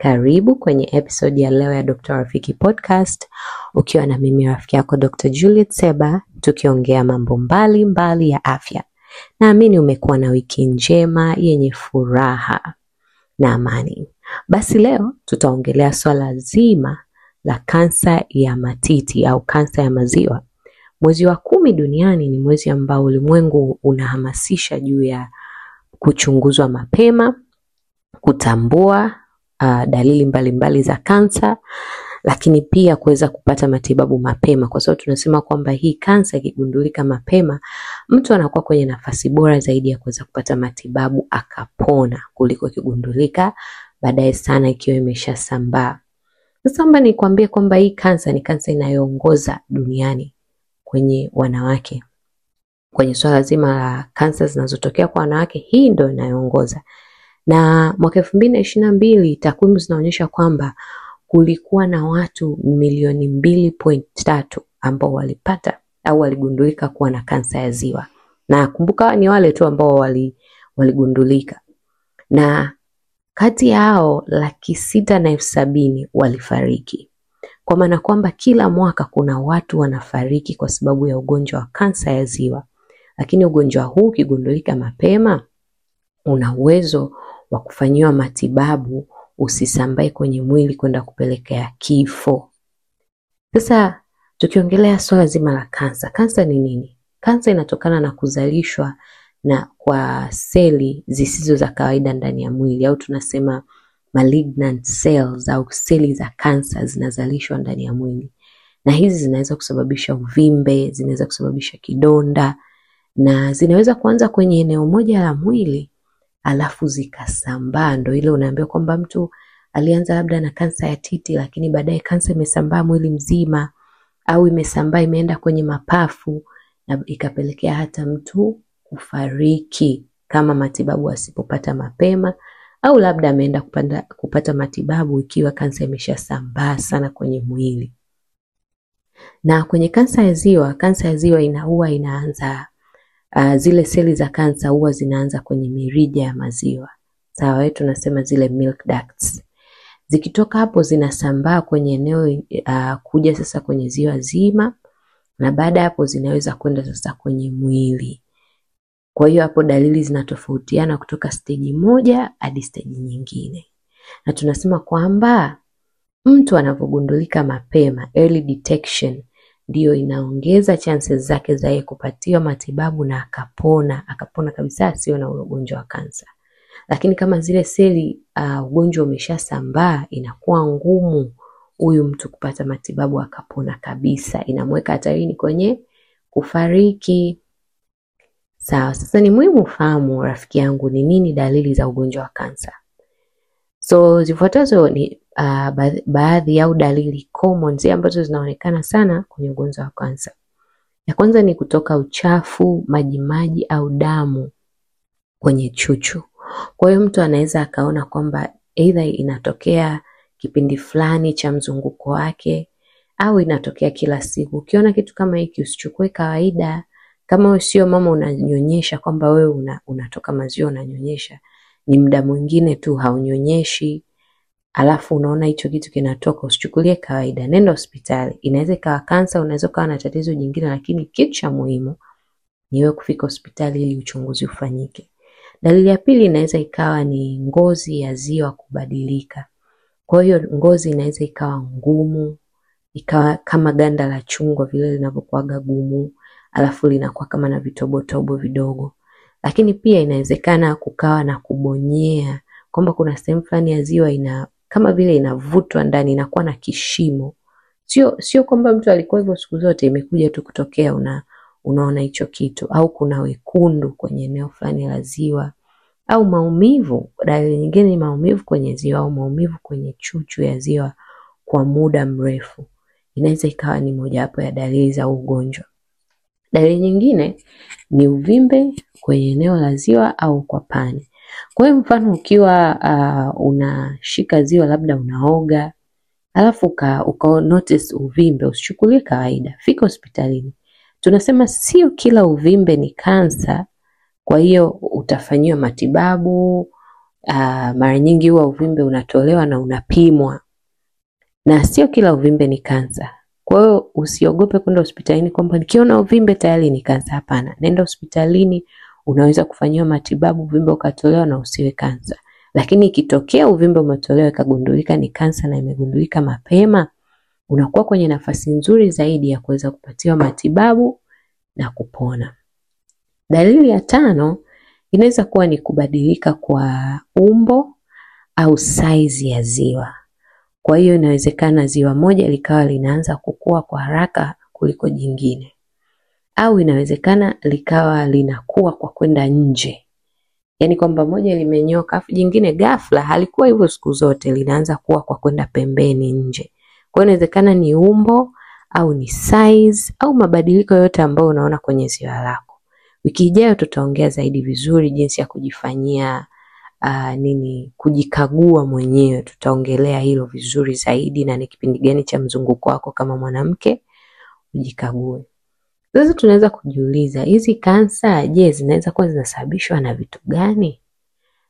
Karibu kwenye episodi ya leo ya Dr. Rafiki Podcast, ukiwa na mimi rafiki yako Dr. Juliet Seba, tukiongea mambo mbalimbali mbali ya afya. Naamini umekuwa na wiki njema yenye furaha na amani. Basi leo tutaongelea swala zima la kansa ya matiti au kansa ya maziwa. Mwezi wa kumi duniani ni mwezi ambao ulimwengu unahamasisha juu ya kuchunguzwa mapema, kutambua uh, dalili mbalimbali za kansa, lakini pia kuweza kupata matibabu mapema, kwa sababu tunasema kwamba hii kansa ikigundulika mapema, mtu anakuwa kwenye nafasi bora zaidi ya kuweza kupata matibabu akapona kuliko ikigundulika baadaye sana ikiwa imeshasambaa. Sasa mba nikwambie kwamba hii kansa ni kansa inayoongoza duniani kwenye wanawake, kwenye swala zima la kansa zinazotokea kwa wanawake, hii ndio inayoongoza na mwaka elfu mbili na ishirini na mbili takwimu zinaonyesha kwamba kulikuwa na watu milioni mbili point tatu ambao walipata au waligundulika kuwa na kansa ya ziwa, na kumbuka ni wale tu ambao wali, waligundulika na kati yao laki sita na elfu sabini walifariki, kwa maana kwamba kila mwaka kuna watu wanafariki kwa sababu ya ugonjwa wa kansa ya ziwa. Lakini ugonjwa huu ukigundulika mapema una uwezo wa kufanyiwa matibabu usisambae kwenye mwili kwenda kupelekea kifo. Sasa tukiongelea swala zima la kansa, kansa ni nini? Kansa inatokana na kuzalishwa na kwa seli zisizo za kawaida ndani ya mwili au tunasema malignant cells au seli za kansa zinazalishwa ndani ya mwili, na hizi zinaweza kusababisha uvimbe, zinaweza kusababisha kidonda na zinaweza kuanza kwenye eneo moja la mwili alafu zikasambaa, ndo ile unaambiwa kwamba mtu alianza labda na kansa ya titi, lakini baadaye kansa imesambaa mwili mzima, au imesambaa imeenda kwenye mapafu na ikapelekea hata mtu kufariki kama matibabu asipopata mapema, au labda ameenda kupanda, kupata matibabu ikiwa kansa imeshasambaa sana kwenye mwili. Na kwenye kansa ya ziwa, kansa ya ziwa inaua inaanza uh, zile seli za kansa huwa zinaanza kwenye mirija ya maziwa sawa, wetu tunasema zile milk ducts. Zikitoka hapo zinasambaa kwenye eneo uh, kuja sasa kwenye ziwa zima, na baada ya hapo zinaweza kwenda sasa kwenye mwili. Kwa hiyo hapo dalili zinatofautiana kutoka steji moja hadi steji nyingine, na tunasema kwamba mtu anapogundulika mapema, early detection, ndiyo inaongeza chances zake za yeye kupatiwa matibabu na akapona, akapona kabisa asio na ugonjwa wa kansa. Lakini kama zile seli uh, ugonjwa umeshasambaa, inakuwa ngumu huyu mtu kupata matibabu akapona kabisa, inamweka hatarini kwenye kufariki. Sawa, sasa ni muhimu ufahamu rafiki yangu, ni nini dalili za ugonjwa wa kansa. So zifuatazo ni uh, baadhi, au dalili common ambazo zinaonekana sana kwenye ugonjwa wa kansa. Ya kwanza ni kutoka uchafu, majimaji au damu kwenye chuchu. Kwa hiyo mtu anaweza akaona kwamba aidha inatokea kipindi fulani cha mzunguko wake au inatokea kila siku. Ukiona kitu kama hiki usichukue kawaida. Kama sio mama unanyonyesha kwamba wewe una, unatoka maziwa unanyonyesha, ni mda mwingine tu haunyonyeshi, alafu unaona hicho kitu kinatoka, usichukulie kawaida, nenda hospitali. Inaweza ikawa kansa, unaweza ukawa na tatizo jingine, lakini kitu cha muhimu niwe kufika hospitali ili uchunguzi ufanyike. Dalili ya pili inaweza ikawa ni ngozi ya ziwa kubadilika. Kwa hiyo ngozi inaweza ikawa ngumu, ikawa kama ganda la chungwa vile linavyokuaga gumu, alafu linakuwa kama na vitobotobo vidogo. Lakini pia inawezekana kukawa na kubonyea, kwamba kuna sehemu fulani ya ziwa ina kama vile inavutwa ndani, inakuwa na kishimo. Sio sio kwamba mtu alikuwa hivyo siku zote, imekuja tu kutokea, una unaona hicho kitu, au kuna wekundu kwenye eneo fulani la ziwa, au maumivu. Dalili nyingine ni maumivu kwenye ziwa au maumivu kwenye chuchu ya ziwa kwa muda mrefu, inaweza ikawa ni mojawapo ya dalili za ugonjwa. Dalili nyingine ni uvimbe kwenye eneo la ziwa au kwa pani. Kwa hiyo mfano ukiwa uh, unashika ziwa labda unaoga alafu uka, uka notice uvimbe, usichukulie kawaida, fika hospitalini. Tunasema sio kila uvimbe ni kansa, kwa hiyo utafanyiwa matibabu. Uh, mara nyingi huwa uvimbe unatolewa na unapimwa, na sio kila uvimbe ni kansa. Kwa hiyo usiogope kwenda hospitalini kwamba nikiona uvimbe tayari ni kansa. Hapana, nenda hospitalini, unaweza kufanyiwa matibabu, uvimbe ukatolewa na usiwe kansa. Lakini ikitokea uvimbe umetolewa ikagundulika ni kansa na imegundulika mapema, unakuwa kwenye nafasi nzuri zaidi ya kuweza kupatiwa matibabu na kupona. Dalili ya tano inaweza kuwa ni kubadilika kwa umbo au saizi ya ziwa. Kwa hiyo inawezekana ziwa moja likawa linaanza kukua kwa haraka kuliko jingine, au inawezekana likawa linakuwa kwa kwenda nje, yaani kwamba moja limenyoka afu jingine ghafla halikuwa hivyo siku zote, linaanza kuwa kwa kwenda pembeni nje. Kwa hiyo inawezekana ni umbo au ni size au mabadiliko yote ambayo unaona kwenye ziwa lako. Wiki ijayo tutaongea zaidi vizuri jinsi ya kujifanyia uh, nini kujikagua mwenyewe. Tutaongelea hilo vizuri zaidi, na ni kipindi gani cha mzunguko wako kama mwanamke ujikague. Sasa tunaweza kujiuliza hizi kansa, je, zinaweza kuwa zinasababishwa na vitu gani?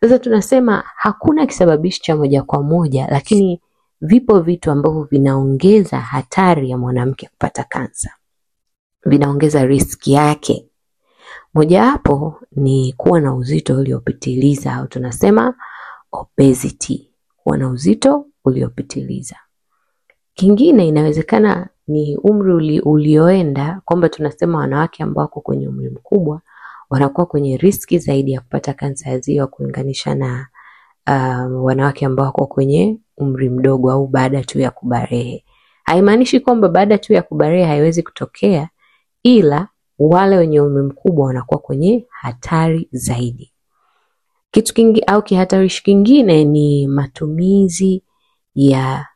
Sasa tunasema hakuna kisababishi cha moja kwa moja, lakini vipo vitu ambavyo vinaongeza hatari ya mwanamke kupata kansa, vinaongeza riski yake. Mojawapo ni kuwa na uzito uliopitiliza au tunasema obesity, kuwa na uzito uliopitiliza. Kingine inawezekana ni umri ulioenda, kwamba tunasema wanawake ambao wako kwenye umri mkubwa wanakuwa kwenye riski zaidi ya kupata kansa ya ziwa kulinganisha na uh, wanawake ambao wako kwenye umri mdogo au baada tu ya kubarehe. Haimaanishi kwamba baada tu ya kubarehe haiwezi kutokea, ila wale wenye umri mkubwa wanakuwa kwenye hatari zaidi. Kitu kingi au kihatarishi kingine ni matumizi ya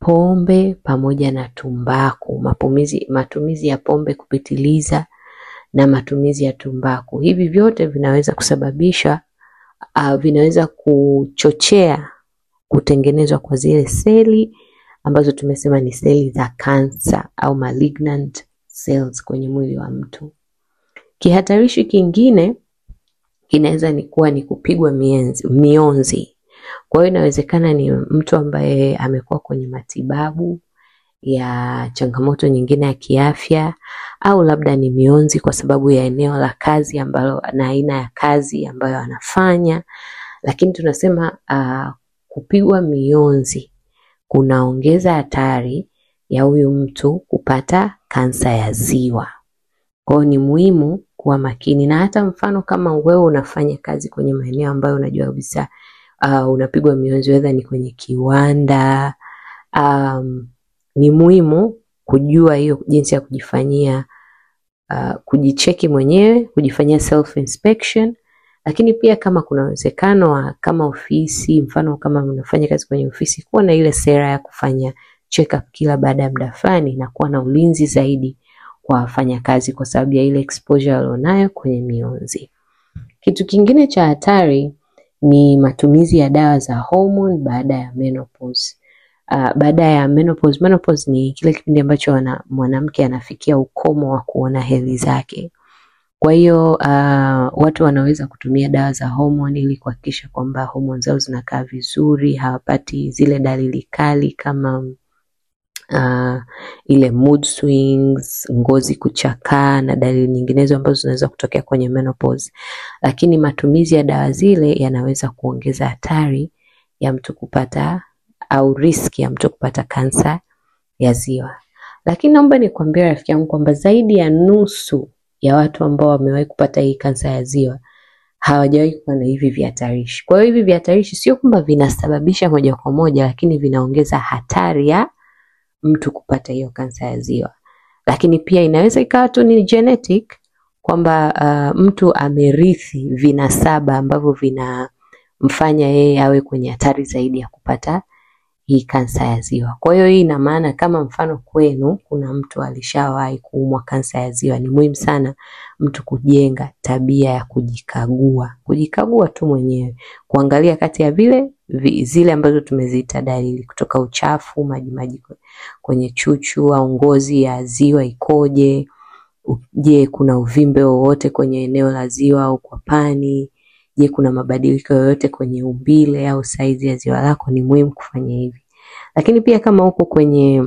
pombe pamoja na tumbaku. Matumizi, matumizi ya pombe kupitiliza na matumizi ya tumbaku, hivi vyote vinaweza kusababisha uh, vinaweza kuchochea kutengenezwa kwa zile seli ambazo tumesema ni seli za kansa au malignant cells kwenye mwili wa mtu. Kihatarishi kingine kinaweza ni kuwa ni kupigwa mionzi, mionzi. Kwa hiyo inawezekana ni mtu ambaye amekuwa kwenye matibabu ya changamoto nyingine ya kiafya au labda ni mionzi kwa sababu ya eneo la kazi ambalo na aina ya kazi ambayo anafanya. Lakini tunasema uh, kupigwa mionzi kunaongeza hatari ya huyu mtu kupata kansa ya ziwa. Kwa hiyo ni muhimu kuwa makini, na hata mfano kama wewe unafanya kazi kwenye maeneo ambayo unajua kabisa uh, unapigwa mionzi, wedha ni kwenye kiwanda um, ni muhimu kujua hiyo jinsi ya kujifanyia uh, kujicheki mwenyewe, kujifanyia self inspection lakini pia kama kuna uwezekano wa kama ofisi, mfano kama unafanya kazi kwenye ofisi, kuwa na ile sera ya kufanya check up kila baada ya muda fulani na kuwa na ulinzi zaidi kwa wafanyakazi kwa sababu ya ile exposure walionayo kwenye mionzi. Kitu kingine cha hatari ni matumizi ya dawa za hormone baada ya menopause. Uh, baada ya menopause, menopause ni kile kipindi ambacho mwanamke anafikia ukomo wa kuona hedhi zake. Kwa hiyo uh, watu wanaweza kutumia dawa za hormone ili kuhakikisha kwamba hormone zao zinakaa vizuri, hawapati zile dalili kali kama uh, ile mood swings, ngozi kuchakaa na dalili nyinginezo ambazo zinaweza kutokea kwenye menopause. Lakini matumizi ya dawa zile yanaweza kuongeza hatari ya mtu kupata au riski ya mtu kupata kansa ya ziwa. Lakini naomba nikwambie rafiki yangu kwamba zaidi ya nusu ya watu ambao wamewahi kupata hii kansa ya ziwa hawajawahi kuwa na hivi vihatarishi. Kwa hiyo hivi vihatarishi sio kwamba vinasababisha moja kwa moja, lakini vinaongeza hatari ya mtu kupata hiyo kansa ya ziwa, lakini pia inaweza ikawa tu ni genetic kwamba uh, mtu amerithi vinasaba ambavyo vinamfanya yeye awe kwenye hatari zaidi ya kupata hii kansa ya ziwa. Kwa hiyo hii ina maana kama mfano kwenu kuna mtu alishawahi kuumwa kansa ya ziwa, ni muhimu sana mtu kujenga tabia ya kujikagua, kujikagua tu mwenyewe, kuangalia kati ya vile zile ambazo tumeziita dalili kutoka uchafu, majimaji kwenye chuchu au ngozi ya ziwa ikoje? Je, kuna uvimbe wowote kwenye eneo la ziwa au kwa pani? Je, kuna mabadiliko yoyote kwenye umbile au saizi ya ziwa lako? Ni muhimu kufanya hivi. Lakini pia kama uko kwenye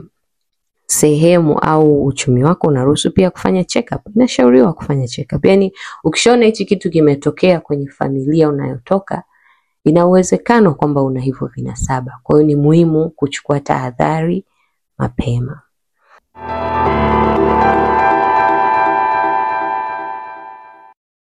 sehemu au uchumi wako unaruhusu pia kufanya check up, inashauriwa kufanya check up. Yani ukishaona hichi kitu kimetokea kwenye familia unayotoka Ina uwezekano kwamba una hivyo vinasaba, kwa hiyo ni muhimu kuchukua tahadhari mapema.